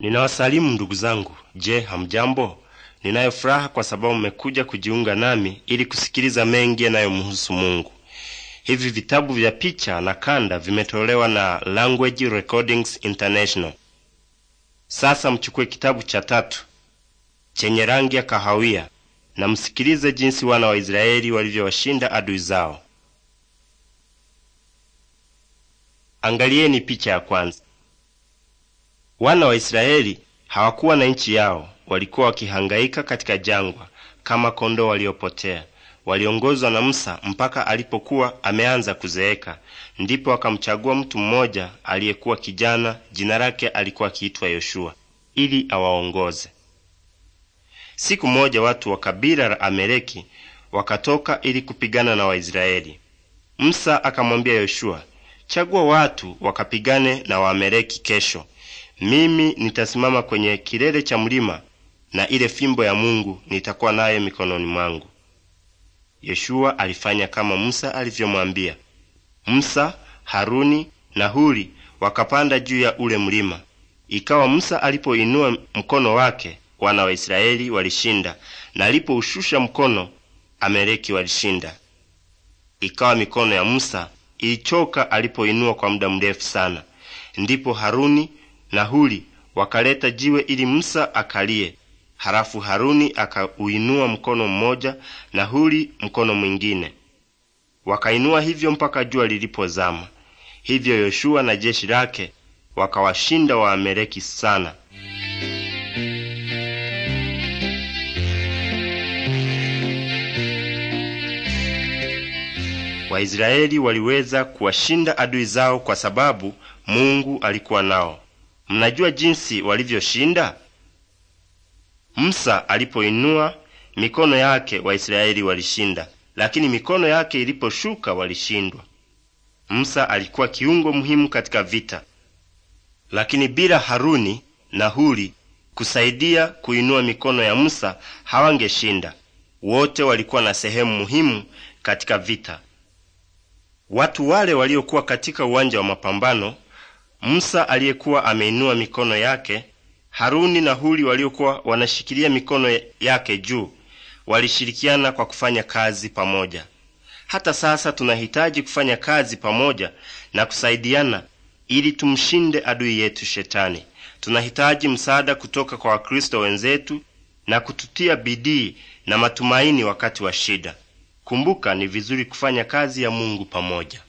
Ninawasalimu ndugu zangu. Je, hamjambo? Ninayo furaha kwa sababu mmekuja kujiunga nami ili kusikiliza mengi yanayomhusu Mungu. Hivi vitabu vya picha na kanda vimetolewa na Language Recordings International. Sasa mchukue kitabu cha tatu chenye rangi ya kahawia na msikilize jinsi wana wa Israeli walivyowashinda adui zao. Angalieni picha ya kwanza. Wana wa Israeli hawakuwa na nchi yao, walikuwa wakihangaika katika jangwa kama kondoo waliopotea. Waliongozwa na Musa mpaka alipokuwa ameanza kuzeeka, ndipo akamchagua mtu mmoja aliyekuwa kijana, jina lake alikuwa akiitwa Yoshua, ili awaongoze. Siku moja watu wa kabila la Ameleki wakatoka ili kupigana na Waisraeli. Musa akamwambia Yoshua, chagua watu wakapigane na Waameleki kesho. Mimi nitasimama kwenye kilele cha mlima na ile fimbo ya Mungu nitakuwa nayo mikononi mwangu. Yoshua alifanya kama Musa alivyomwambia. Musa, Haruni na Huri wakapanda juu ya ule mlima. Ikawa Musa alipoinua mkono wake, wana wa Israeli walishinda, na alipoushusha mkono ameleki walishinda. Ikawa mikono ya Musa ilichoka alipoinua kwa muda mrefu sana. Ndipo Haruni na huli wakaleta jiwe ili Musa akalie. Halafu Haruni akauinua mkono mmoja na huli mkono mwingine, wakainua hivyo mpaka jua lilipozama. Hivyo Yoshua na jeshi lake wakawashinda Waamereki sana. Waisraeli waliweza kuwashinda adui zao kwa sababu Mungu alikuwa nao. Mnajua jinsi walivyoshinda? Musa alipoinua mikono yake Waisraeli walishinda, lakini mikono yake iliposhuka walishindwa. Musa alikuwa kiungo muhimu katika vita, lakini bila Haruni na Huri kusaidia kuinua mikono ya Musa hawangeshinda. Wote walikuwa na sehemu muhimu katika vita. Watu wale waliokuwa katika uwanja wa mapambano, Musa aliyekuwa ameinua mikono yake, Haruni na Huri waliokuwa wanashikilia mikono yake juu, walishirikiana kwa kufanya kazi pamoja. Hata sasa tunahitaji kufanya kazi pamoja na kusaidiana ili tumshinde adui yetu Shetani. Tunahitaji msaada kutoka kwa Wakristo wenzetu na kututia bidii na matumaini wakati wa shida. Kumbuka, ni vizuri kufanya kazi ya Mungu pamoja.